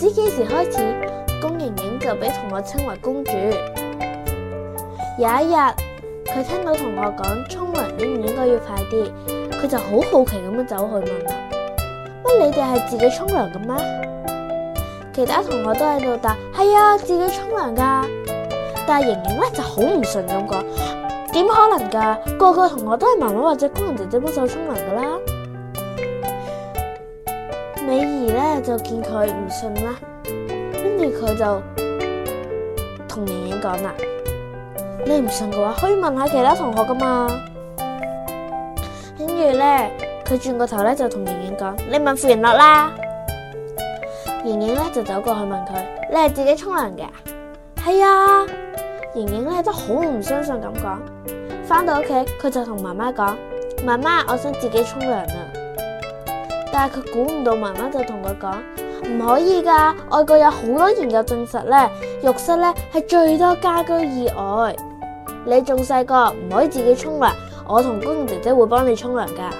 自幾時開始，龔瑩瑩就俾同學稱為公主。有一日，佢聽到同學講沖涼應唔應該要快啲，佢就好好奇咁樣走過去問：乜你哋係自己沖涼嘅咩？其他同學都喺度答：係啊，自己沖涼噶。但係瑩瑩呢就好唔順咁講：點可能噶？個個同學都係媽媽或者工人姐姐幫手沖涼噶啦。美儀咧就見佢唔信啦，然後她就跟住佢就同瑩瑩講啦：你唔信嘅話，可以問下其他同學㗎嘛。然後呢她轉過頭就跟住咧，佢轉個頭咧就同瑩瑩講：你問傅元樂啦。瑩瑩咧就走過去問佢：你係自己沖涼嘅？係啊。瑩瑩咧都好唔相信咁講。返到屋企，佢就同媽媽講：媽媽，我想自己沖涼啊。但係佢估唔到，媽媽就同佢講唔可以㗎，外國有好多研究證實浴室係最多家居意外。你仲細個，唔可以自己沖涼，我同公公姐姐會幫你沖涼㗎。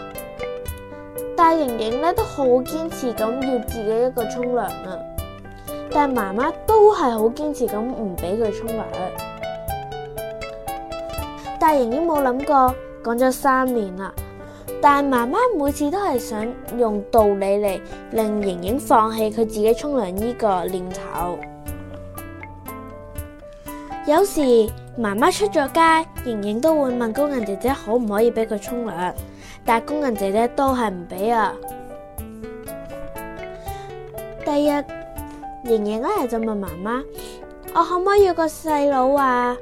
但係瑩瑩都好堅持咁要自己一個沖涼啊。但係媽媽都係好堅持咁唔俾佢沖涼。但係瑩瑩冇諗過，講咗三年啦。但媽媽每次都係想用道理嚟，令瑩瑩放棄佢自己沖涼呢個念頭。有時媽媽出咗街，瑩瑩都會問工人姐姐可唔可以俾佢沖涼，但工人姐姐都係唔俾啊。第二日瑩瑩咧就問媽媽：我可唔可以要個細佬啊？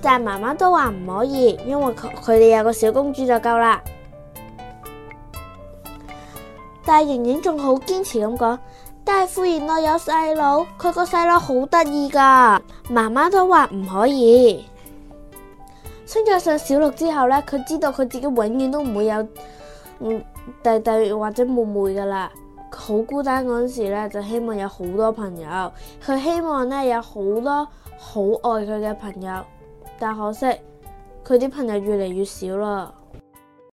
但媽媽都話唔可以，因為佢佢哋有個小公主就夠啦。但係盈盈仲好堅持咁講，大富原來有細佬，佢個細佬好得意噶，媽媽都話唔可以。升咗上小六之後呢，佢知道佢自己永遠都唔會有嗯弟弟或者妹妹噶啦，好孤單。嗰陣時呢就希望有好多朋友，佢希望呢，有好多好愛佢嘅朋友，但可惜佢啲朋友越嚟越少啦。